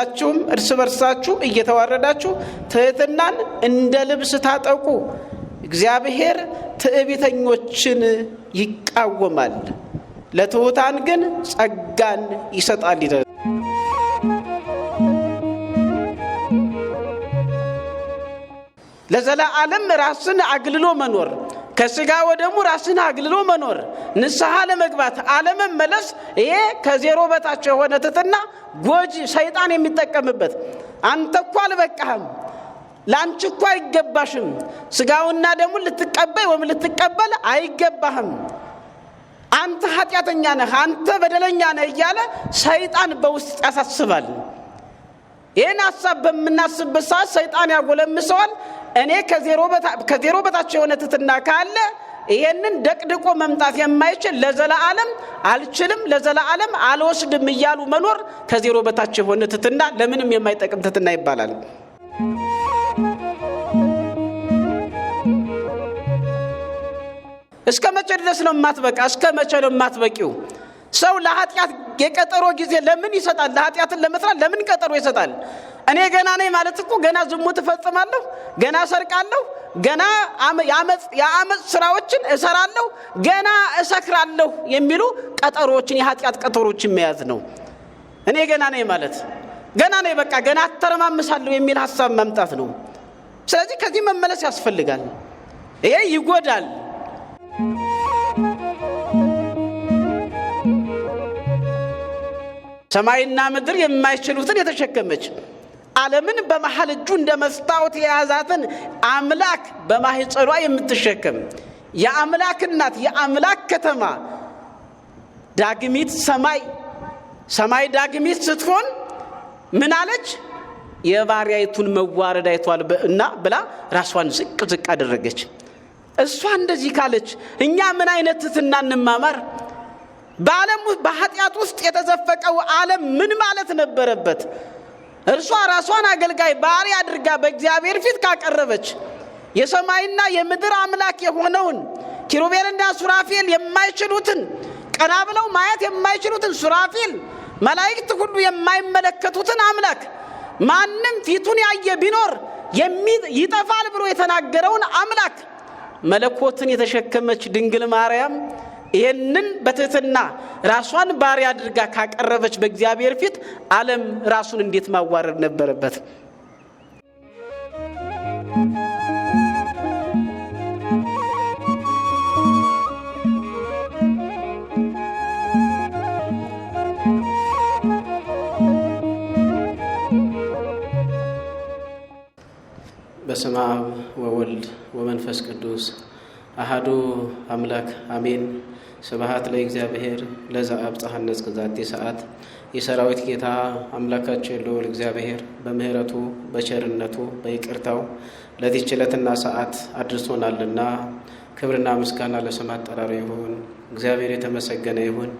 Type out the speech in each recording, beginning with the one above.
ሁላችሁም እርስ በርሳችሁ እየተዋረዳችሁ ትህትናን እንደ ልብስ ታጠቁ፣ እግዚአብሔር ትዕቢተኞችን ይቃወማል፣ ለትሑታን ግን ጸጋን ይሰጣል ይላል። ለዘላለም ራስን አግልሎ መኖር ከስጋ ወደሙ ራስን አግልሎ መኖር፣ ንስሐ ለመግባት አለመመለስ፣ ይሄ ከዜሮ በታች የሆነ ትትና ጎጂ ሰይጣን የሚጠቀምበት አንተ እኮ አልበቃህም፣ ለአንቺ እኮ አይገባሽም፣ ስጋውና ደሙ ልትቀበል ወይም ልትቀበል አይገባህም፣ አንተ ኃጢአተኛ ነህ፣ አንተ በደለኛ ነህ እያለ ሰይጣን በውስጥ ያሳስባል። ይህን ሀሳብ በምናስብበት ሰዓት ሰይጣን ያጎለምሰዋል። እኔ ከዜሮ በታች የሆነ ትትና ካለ ይሄንን ደቅድቆ መምጣት የማይችል ለዘላለም አልችልም፣ ለዘላለም አልወስድም እያሉ መኖር ከዜሮ በታች የሆነ ትትና ለምንም የማይጠቅም ትትና ይባላል። እስከ መቼ ድረስ ነው የማትበቃ? እስከ መቼ ነው የማትበቂው? ሰው ለኃጢአት የቀጠሮ ጊዜ ለምን ይሰጣል? ለኃጢአትን ለመስራት ለምን ቀጠሮ ይሰጣል? እኔ ገና ነኝ ማለት እኮ ገና ዝሙት እፈጽማለሁ፣ ገና ሰርቃለሁ፣ ገና የአመፅ ስራዎችን እሰራለሁ፣ ገና እሰክራለሁ የሚሉ ቀጠሮዎችን የኃጢአት ቀጠሮዎችን መያዝ ነው። እኔ ገና ነኝ ማለት ገና ነኝ በቃ ገና አተረማምሳለሁ የሚል ሀሳብ ማምጣት ነው። ስለዚህ ከዚህ መመለስ ያስፈልጋል። ይሄ ይጎዳል። ሰማይና ምድር የማይችሉትን የተሸከመች ዓለምን በመሐል እጁ እንደ መስታወት የያዛትን አምላክ በማህፀኗ የምትሸከም የአምላክ እናት የአምላክ ከተማ ዳግሚት ሰማይ ሰማይ ዳግሚት ስትሆን ምን አለች? የባሪያይቱን መዋረድ አይቷል እና ብላ ራሷን ዝቅ ዝቅ አደረገች። እሷ እንደዚህ ካለች እኛ ምን አይነት ትትና እንማማር? በዓለም በኃጢአት ውስጥ የተዘፈቀው ዓለም ምን ማለት ነበረበት? እርሷ ራሷን አገልጋይ ባሪ አድርጋ በእግዚአብሔር ፊት ካቀረበች የሰማይና የምድር አምላክ የሆነውን ኪሩቤልና ሱራፌል የማይችሉትን ቀና ብለው ማየት የማይችሉትን ሱራፌል መላእክት ሁሉ የማይመለከቱትን አምላክ ማንም ፊቱን ያየ ቢኖር ይጠፋል ብሎ የተናገረውን አምላክ መለኮትን የተሸከመች ድንግል ማርያም ይህንን በትህትና ራሷን ባሪያ አድርጋ ካቀረበች በእግዚአብሔር ፊት ዓለም ራሱን እንዴት ማዋረድ ነበረበት? በስመ አብ ወወልድ ወመንፈስ ቅዱስ አሃዱ አምላክ አሜን። ስብሐት ለእግዚአብሔር ለዛ አብጽሐነጽ ቅዛቴ ሰዓት የሰራዊት ጌታ አምላካቸው የለውል እግዚአብሔር በምህረቱ በቸርነቱ በይቅርታው ለዚህች ዕለትና ሰዓት አድርሶናልና ክብርና ምስጋና ለስም አጠራሩ ይሁን። እግዚአብሔር የተመሰገነ ይሁን።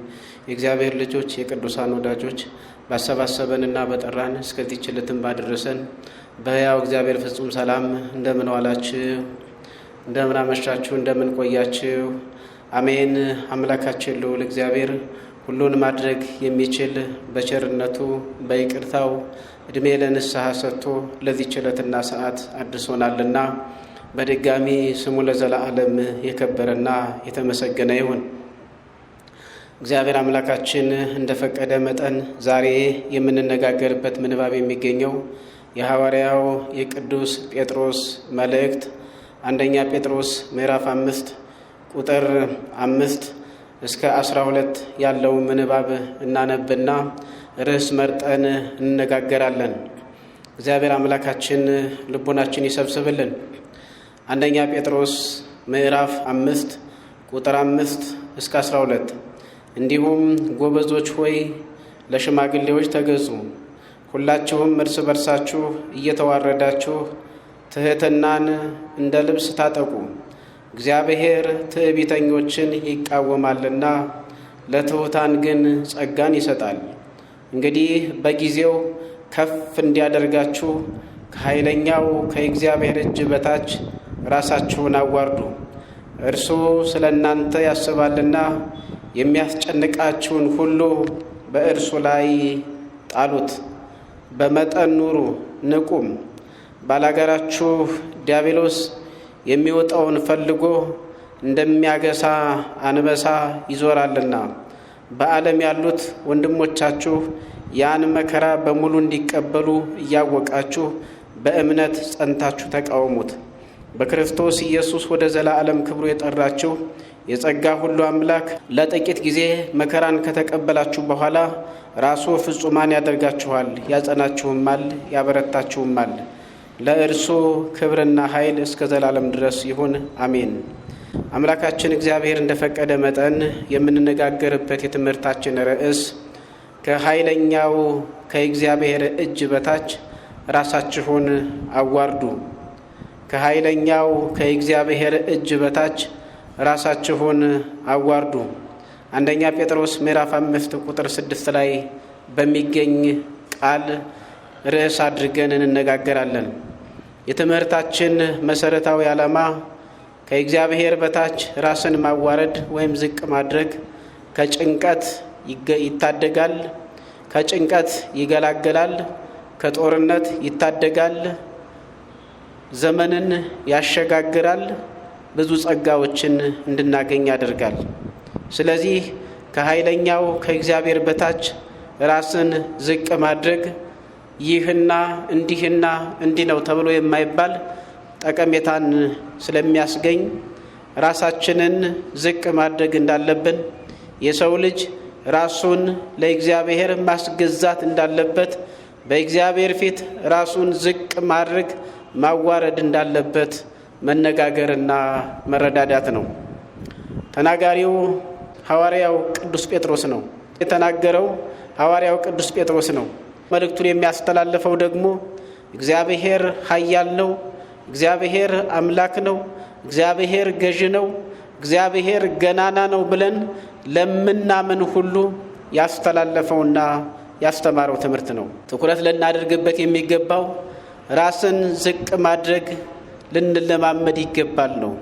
የእግዚአብሔር ልጆች የቅዱሳን ወዳጆች ባሰባሰበንና በጠራን እስከዚህች ዕለትም ባደረሰን በሕያው እግዚአብሔር ፍጹም ሰላም እንደምን ዋላችሁ? እንደምን አመሻችሁ? እንደምን ቆያችሁ? አሜን። አምላካችን ልዑል እግዚአብሔር ሁሉን ማድረግ የሚችል በቸርነቱ በይቅርታው እድሜ ለንስሐ ሰጥቶ ለዚህ ችለትና ሰዓት አድሶናልና በድጋሚ ስሙ ለዘላለም የከበረና የተመሰገነ ይሁን። እግዚአብሔር አምላካችን እንደፈቀደ መጠን ዛሬ የምንነጋገርበት ምንባብ የሚገኘው የሐዋርያው የቅዱስ ጴጥሮስ መልእክት አንደኛ ጴጥሮስ ምዕራፍ አምስት ቁጥር አምስት እስከ አስራ ሁለት ያለው ምንባብ እናነብና ርዕስ መርጠን እንነጋገራለን። እግዚአብሔር አምላካችን ልቦናችን ይሰብስብልን። አንደኛ ጴጥሮስ ምዕራፍ አምስት ቁጥር አምስት እስከ አስራ ሁለት እንዲሁም ጎበዞች ሆይ ለሽማግሌዎች ተገዙ፣ ሁላችሁም እርስ በርሳችሁ እየተዋረዳችሁ ትህትናን እንደ ልብስ ታጠቁ እግዚአብሔር ትዕቢተኞችን ይቃወማልና ለትሑታን ግን ጸጋን ይሰጣል። እንግዲህ በጊዜው ከፍ እንዲያደርጋችሁ ከኃይለኛው ከእግዚአብሔር እጅ በታች ራሳችሁን አዋርዱ። እርሱ ስለ እናንተ ያስባልና የሚያስጨንቃችሁን ሁሉ በእርሱ ላይ ጣሉት። በመጠን ኑሩ፣ ንቁም። ባላገራችሁ ዲያብሎስ የሚወጣውን ፈልጎ እንደሚያገሳ አንበሳ ይዞራልና በዓለም ያሉት ወንድሞቻችሁ ያን መከራ በሙሉ እንዲቀበሉ እያወቃችሁ በእምነት ጸንታችሁ ተቃውሙት። በክርስቶስ ኢየሱስ ወደ ዘላለም ክብሩ የጠራችሁ የጸጋ ሁሉ አምላክ ለጥቂት ጊዜ መከራን ከተቀበላችሁ በኋላ ራሱ ፍጹማን ያደርጋችኋል፣ ያጸናችሁማል፣ ያበረታችሁማል። ለእርሱ ክብርና ኃይል እስከ ዘላለም ድረስ ይሁን አሜን። አምላካችን እግዚአብሔር እንደፈቀደ መጠን የምንነጋገርበት የትምህርታችን ርዕስ ከኃይለኛው ከእግዚአብሔር እጅ በታች ራሳችሁን አዋርዱ፣ ከኃይለኛው ከእግዚአብሔር እጅ በታች ራሳችሁን አዋርዱ አንደኛ ጴጥሮስ ምዕራፍ አምስት ቁጥር ስድስት ላይ በሚገኝ ቃል ርዕስ አድርገን እንነጋገራለን። የትምህርታችን መሰረታዊ ዓላማ ከእግዚአብሔር በታች ራስን ማዋረድ ወይም ዝቅ ማድረግ ከጭንቀት ይታደጋል፣ ከጭንቀት ይገላገላል፣ ከጦርነት ይታደጋል፣ ዘመንን ያሸጋግራል፣ ብዙ ጸጋዎችን እንድናገኝ ያደርጋል። ስለዚህ ከኃይለኛው ከእግዚአብሔር በታች ራስን ዝቅ ማድረግ ይህና እንዲህና እንዲህ ነው ተብሎ የማይባል ጠቀሜታን ስለሚያስገኝ ራሳችንን ዝቅ ማድረግ እንዳለብን የሰው ልጅ ራሱን ለእግዚአብሔር ማስገዛት እንዳለበት በእግዚአብሔር ፊት ራሱን ዝቅ ማድረግ ማዋረድ እንዳለበት መነጋገርና መረዳዳት ነው። ተናጋሪው ሐዋርያው ቅዱስ ጴጥሮስ ነው። የተናገረው ሐዋርያው ቅዱስ ጴጥሮስ ነው። መልእክቱን የሚያስተላልፈው ደግሞ እግዚአብሔር ኃያል ነው፣ እግዚአብሔር አምላክ ነው፣ እግዚአብሔር ገዥ ነው፣ እግዚአብሔር ገናና ነው ብለን ለምናምን ሁሉ ያስተላለፈውና ያስተማረው ትምህርት ነው። ትኩረት ልናደርግበት የሚገባው ራስን ዝቅ ማድረግ ልንለማመድ ይገባል ነው።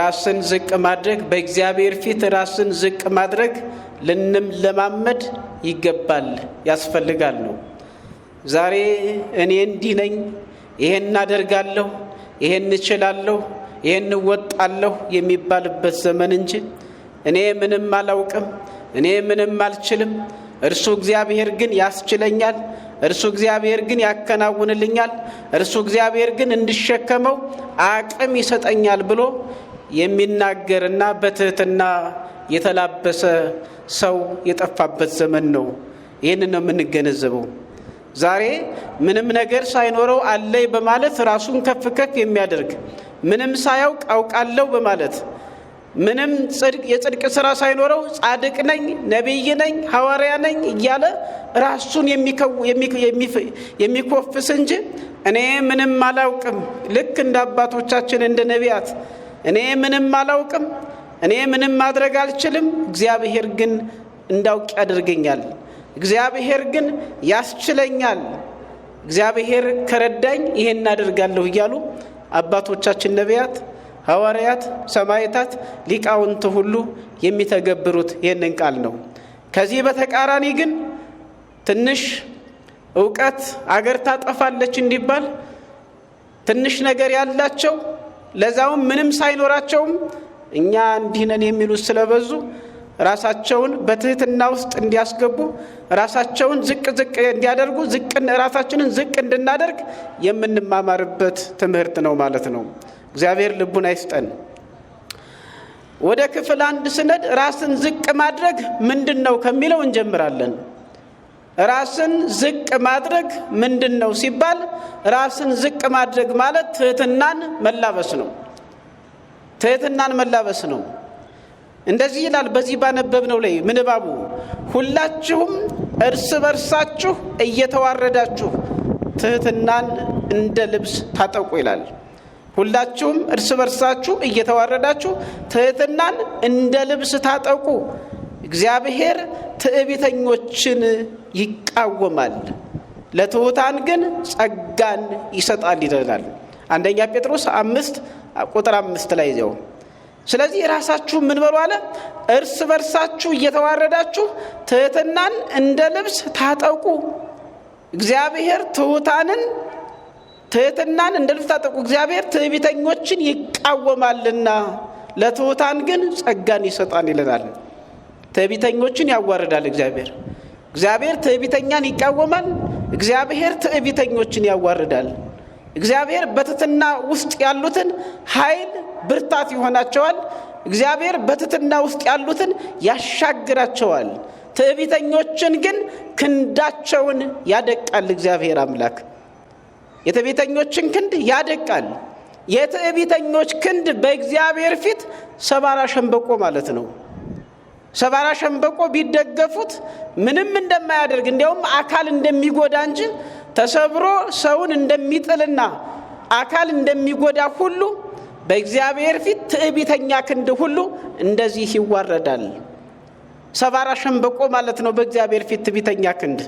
ራስን ዝቅ ማድረግ በእግዚአብሔር ፊት ራስን ዝቅ ማድረግ ለማመድ ይገባል፣ ያስፈልጋል ነው። ዛሬ እኔ እንዲህ ነኝ፣ ይሄን አደርጋለሁ፣ ይሄን እችላለሁ፣ ይሄን እወጣለሁ የሚባልበት ዘመን እንጂ እኔ ምንም አላውቅም፣ እኔ ምንም አልችልም፣ እርሱ እግዚአብሔር ግን ያስችለኛል እርሱ እግዚአብሔር ግን ያከናውንልኛል፣ እርሱ እግዚአብሔር ግን እንድሸከመው አቅም ይሰጠኛል ብሎ የሚናገርና በትህትና የተላበሰ ሰው የጠፋበት ዘመን ነው። ይህንን ነው የምንገነዘበው። ዛሬ ምንም ነገር ሳይኖረው አለይ በማለት ራሱን ከፍ ከፍ የሚያደርግ ምንም ሳያውቅ አውቃለሁ በማለት ምንም የጽድቅ ስራ ሳይኖረው ጻድቅ ነኝ፣ ነቢይ ነኝ፣ ሐዋርያ ነኝ እያለ ራሱን የሚኮፍስ እንጂ እኔ ምንም አላውቅም ልክ እንደ አባቶቻችን እንደ ነቢያት እኔ ምንም አላውቅም፣ እኔ ምንም ማድረግ አልችልም፣ እግዚአብሔር ግን እንዳውቅ ያደርገኛል፣ እግዚአብሔር ግን ያስችለኛል፣ እግዚአብሔር ከረዳኝ ይሄን እናደርጋለሁ እያሉ አባቶቻችን ነቢያት፣ ሐዋርያት፣ ሰማዕታት፣ ሊቃውንት ሁሉ የሚተገብሩት ይህንን ቃል ነው። ከዚህ በተቃራኒ ግን ትንሽ እውቀት አገር ታጠፋለች እንዲባል ትንሽ ነገር ያላቸው ለዛውም ምንም ሳይኖራቸውም እኛ እንዲህነን የሚሉ የሚሉት ስለበዙ ራሳቸውን በትህትና ውስጥ እንዲያስገቡ ራሳቸውን ዝቅ ዝቅ እንዲያደርጉ ዝቅ ራሳችንን ዝቅ እንድናደርግ የምንማማርበት ትምህርት ነው ማለት ነው። እግዚአብሔር ልቡን አይስጠን። ወደ ክፍል አንድ ስነድ ራስን ዝቅ ማድረግ ምንድን ነው ከሚለው እንጀምራለን። ራስን ዝቅ ማድረግ ምንድን ነው ሲባል፣ ራስን ዝቅ ማድረግ ማለት ትህትናን መላበስ ነው። ትህትናን መላበስ ነው። እንደዚህ ይላል። በዚህ ባነበብ ነው ላይ ምንባቡ ሁላችሁም እርስ በርሳችሁ እየተዋረዳችሁ ትህትናን እንደ ልብስ ታጠቁ ይላል። ሁላችሁም እርስ በርሳችሁ እየተዋረዳችሁ ትህትናን እንደ ልብስ ታጠቁ እግዚአብሔር ትዕቢተኞችን ይቃወማል፣ ለትሑታን ግን ጸጋን ይሰጣል ይለናል። አንደኛ ጴጥሮስ አምስት ቁጥር አምስት ላይ ይዘው ስለዚህ ራሳችሁ ምን በሉ አለ እርስ በርሳችሁ እየተዋረዳችሁ ትህትናን እንደ ልብስ ታጠቁ። እግዚአብሔር ትሑታንን ትህትናን እንደ ልብስ ታጠቁ። እግዚአብሔር ትዕቢተኞችን ይቃወማልና ለትሑታን ግን ጸጋን ይሰጣል ይለናል። ትዕቢተኞችን ያዋርዳል እግዚአብሔር። እግዚአብሔር ትዕቢተኛን ይቃወማል። እግዚአብሔር ትዕቢተኞችን ያዋርዳል። እግዚአብሔር በትትና ውስጥ ያሉትን ኃይል ብርታት ይሆናቸዋል። እግዚአብሔር በትትና ውስጥ ያሉትን ያሻግራቸዋል። ትዕቢተኞችን ግን ክንዳቸውን ያደቃል። እግዚአብሔር አምላክ የትዕቢተኞችን ክንድ ያደቃል። የትዕቢተኞች ክንድ በእግዚአብሔር ፊት ሰባራ ሸንበቆ ማለት ነው። ሰባራ ሸንበቆ ቢደገፉት ምንም እንደማያደርግ እንዲያውም አካል እንደሚጎዳ እንጂ ተሰብሮ ሰውን እንደሚጥልና አካል እንደሚጎዳ ሁሉ በእግዚአብሔር ፊት ትዕቢተኛ ክንድ ሁሉ እንደዚህ ይዋረዳል። ሰባራ ሸንበቆ ማለት ነው በእግዚአብሔር ፊት ትዕቢተኛ ክንድ።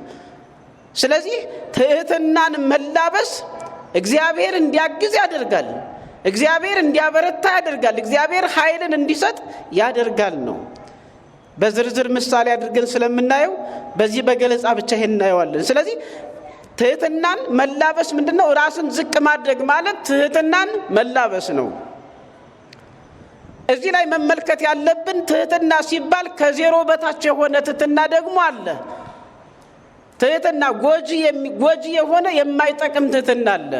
ስለዚህ ትህትናን መላበስ እግዚአብሔር እንዲያግዝ ያደርጋል። እግዚአብሔር እንዲያበረታ ያደርጋል። እግዚአብሔር ኃይልን እንዲሰጥ ያደርጋል ነው በዝርዝር ምሳሌ አድርገን ስለምናየው በዚህ በገለጻ ብቻ ይሄን እናየዋለን። ስለዚህ ትህትናን መላበስ ምንድን ነው? ራስን ዝቅ ማድረግ ማለት ትህትናን መላበስ ነው። እዚህ ላይ መመልከት ያለብን ትህትና ሲባል ከዜሮ በታች የሆነ ትህትና ደግሞ አለ። ትህትና ጎጂ የሆነ የማይጠቅም ትህትና አለ።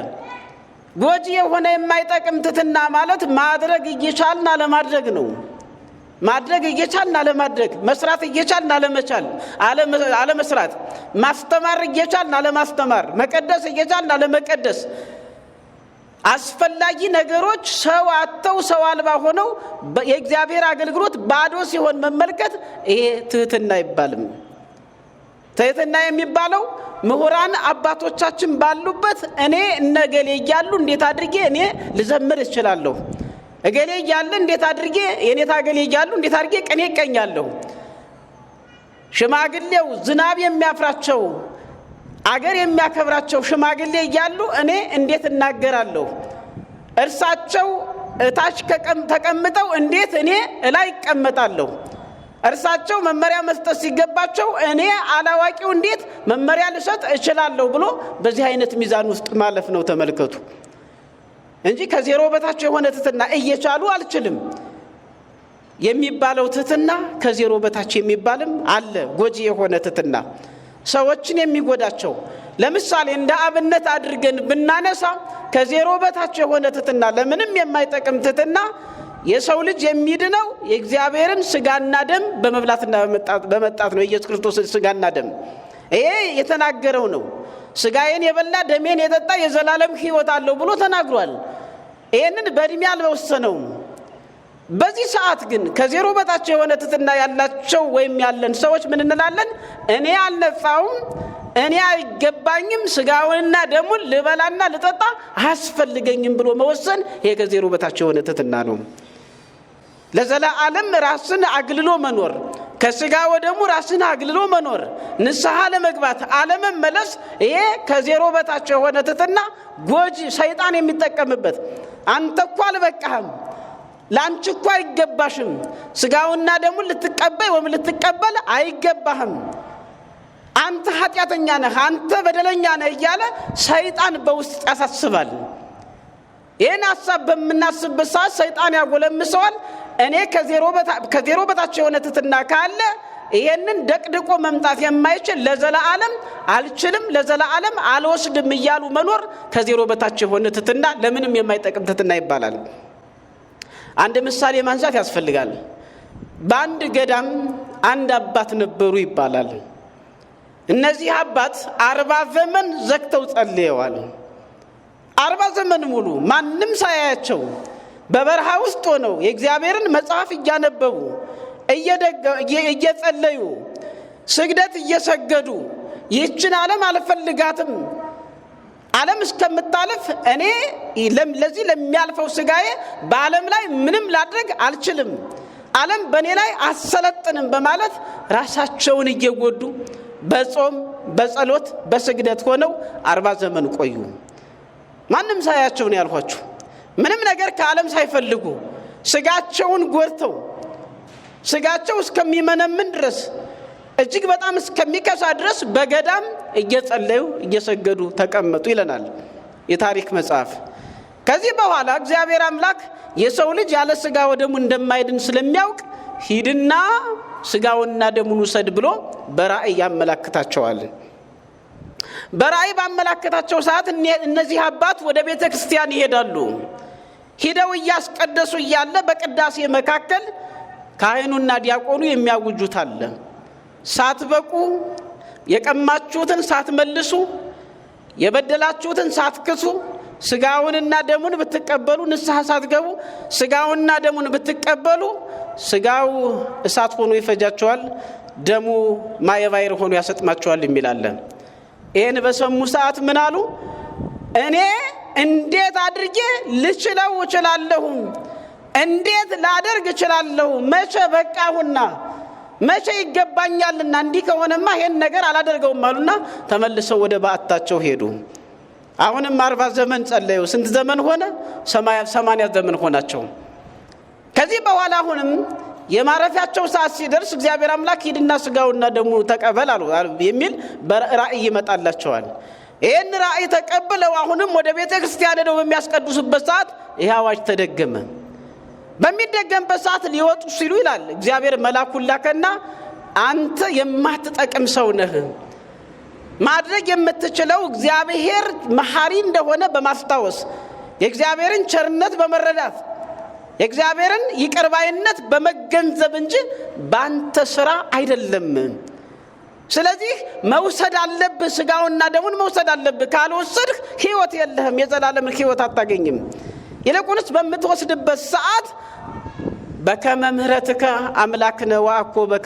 ጎጂ የሆነ የማይጠቅም ትህትና ማለት ማድረግ እየቻልን አለማድረግ ነው። ማድረግ እየቻልን አለማድረግ፣ መስራት እየቻልን አለመቻል፣ አለመስራት፣ ማስተማር እየቻልን አለማስተማር፣ መቀደስ እየቻልን አለመቀደስ፣ አስፈላጊ ነገሮች ሰው አጥተው ሰው አልባ ሆነው የእግዚአብሔር አገልግሎት ባዶ ሲሆን መመልከት ይሄ ትህትና አይባልም። ትህትና የሚባለው ምሁራን አባቶቻችን ባሉበት እኔ እነገሌ እያሉ እንዴት አድርጌ እኔ ልዘምር እችላለሁ እገሌ እያለ እንዴት አድርጌ የኔታ እገሌ እያሉ እንዴት አድርጌ ቀኔ እቀኛለሁ። ሽማግሌው ዝናብ የሚያፍራቸው አገር የሚያከብራቸው ሽማግሌ እያሉ እኔ እንዴት እናገራለሁ? እርሳቸው እታች ተቀምጠው እንዴት እኔ እላይ ይቀመጣለሁ? እርሳቸው መመሪያ መስጠት ሲገባቸው እኔ አላዋቂው እንዴት መመሪያ ልሰጥ እችላለሁ ብሎ በዚህ አይነት ሚዛን ውስጥ ማለፍ ነው። ተመልከቱ። እንጂ ከዜሮ በታች የሆነ ትትና እየቻሉ አልችልም የሚባለው ትትና ከዜሮ በታች የሚባልም አለ። ጎጂ የሆነ ትትና ሰዎችን የሚጎዳቸው ለምሳሌ እንደ አብነት አድርገን ብናነሳ ከዜሮ በታች የሆነ ትትና ለምንም የማይጠቅም ትትና የሰው ልጅ የሚድነው የእግዚአብሔርን ስጋና ደም በመብላትና በመጣት ነው። ኢየሱስ ክርስቶስ ስጋና ደም ይሄ የተናገረው ነው። ስጋዬን የበላ ደሜን የጠጣ የዘላለም ህይወት አለው ብሎ ተናግሯል። ይህንን በእድሜ አልወሰነውም። በዚህ ሰዓት ግን ከዜሮ በታች የሆነ ትትና ያላቸው ወይም ያለን ሰዎች ምን እንላለን? እኔ አልነጻውም፣ እኔ አይገባኝም፣ ስጋውንና ደሙን ልበላና ልጠጣ አያስፈልገኝም ብሎ መወሰን ይሄ ከዜሮ በታች የሆነ ትትና ነው። ለዘላለም ራስን አግልሎ መኖር ከስጋ ወደሙ ራስን አግልሎ መኖር፣ ንስሐ ለመግባት አለመመለስ፣ ይሄ ከዜሮ በታች የሆነ ትትና ጎጂ ሰይጣን የሚጠቀምበት አንተ እኮ አልበቃህም፣ ለአንቺ እኮ አይገባሽም፣ ስጋውና ደሙን ልትቀበል ወይም ልትቀበል አይገባህም፣ አንተ ኃጢአተኛ ነህ፣ አንተ በደለኛ ነህ እያለ ሰይጣን በውስጥ ያሳስባል። ይህን ሀሳብ በምናስብበት ሰዓት ሰይጣን ያጎለምሰዋል። እኔ ከዜሮ በታች የሆነ ትትና ካለ ይሄንን ደቅድቆ መምጣት የማይችል አለም አልችልም፣ አለም አልወስድም እያሉ መኖር ከዜሮ በታች የሆነ ትትና ለምንም የማይጠቅም ትትና ይባላል። አንድ ምሳሌ ማንሳት ያስፈልጋል። በአንድ ገዳም አንድ አባት ነበሩ ይባላል። እነዚህ አባት አርባ ዘመን ዘግተው ጸልየዋል። አርባ ዘመን ሙሉ ማንም ሳያያቸው በበረሃ ውስጥ ሆነው የእግዚአብሔርን መጽሐፍ እያነበቡ እየጸለዩ ስግደት እየሰገዱ ይህችን ዓለም አልፈልጋትም፣ ዓለም እስከምታልፍ እኔ ለዚህ ለሚያልፈው ስጋዬ በዓለም ላይ ምንም ላድረግ አልችልም፣ ዓለም በእኔ ላይ አሰለጥንም በማለት ራሳቸውን እየጎዱ በጾም በጸሎት በስግደት ሆነው አርባ ዘመን ቆዩ። ማንም ሳያቸውን ያልኋችሁ ምንም ነገር ከዓለም ሳይፈልጉ ስጋቸውን ጎድተው ስጋቸው እስከሚመነምን ድረስ እጅግ በጣም እስከሚከሳ ድረስ በገዳም እየጸለዩ እየሰገዱ ተቀመጡ ይለናል የታሪክ መጽሐፍ። ከዚህ በኋላ እግዚአብሔር አምላክ የሰው ልጅ ያለ ስጋ ወደሙ እንደማይድን ስለሚያውቅ ሂድና ስጋውንና ደሙን ውሰድ ብሎ በራእይ ያመላክታቸዋል። በራእይ ባመላከታቸው ሰዓት እነዚህ አባት ወደ ቤተ ክርስቲያን ይሄዳሉ። ሂደው እያስቀደሱ እያለ በቅዳሴ መካከል ካህኑና ዲያቆኑ የሚያውጁት አለ። ሳትበቁ የቀማችሁትን ሳትመልሱ የበደላችሁትን ሳትክሱ ስጋውንና ደሙን ብትቀበሉ ንስሐ ሳትገቡ ስጋውንና ደሙን ብትቀበሉ ስጋው እሳት ሆኖ ይፈጃቸዋል፣ ደሙ ማየባይር ሆኖ ያሰጥማቸዋል የሚላለን። ይህን በሰሙ ሰዓት ምን አሉ? እኔ እንዴት አድርጌ ልችለው እችላለሁ? እንዴት ላደርግ እችላለሁ? መቼ በቃሁና መቼ ይገባኛልና እንዲህ ከሆነማ ይሄን ነገር አላደርገውም አሉና ተመልሰው ወደ በዓታቸው ሄዱ። አሁንም አርባ ዘመን ጸለዩ። ስንት ዘመን ሆነ? ሰማንያ ዘመን ሆናቸው። ከዚህ በኋላ አሁንም የማረፊያቸው ሰዓት ሲደርስ እግዚአብሔር አምላክ ሂድና ስጋውና ደሙ ተቀበል አሉ የሚል በራእይ ይመጣላቸዋል። ይህን ራእይ ተቀብለው አሁንም ወደ ቤተ ክርስቲያን ሄደው በሚያስቀድሱበት ሰዓት ይህ አዋጅ ተደገመ። በሚደገምበት ሰዓት ሊወጡ ሲሉ ይላል እግዚአብሔር መላኩን ላከና አንተ የማትጠቅም ሰው ነህ፣ ማድረግ የምትችለው እግዚአብሔር መሐሪ እንደሆነ በማስታወስ የእግዚአብሔርን ቸርነት በመረዳት የእግዚአብሔርን ይቅርባይነት በመገንዘብ እንጂ በአንተ ስራ አይደለም። ስለዚህ መውሰድ አለብህ፣ ስጋውና ደሙን መውሰድ አለብህ። ካልወሰድህ ህይወት የለህም፣ የዘላለምን ህይወት አታገኝም። ይልቁንስ በምትወስድበት ሰዓት በከመ ምሕረትከ አምላክነ ወአኮ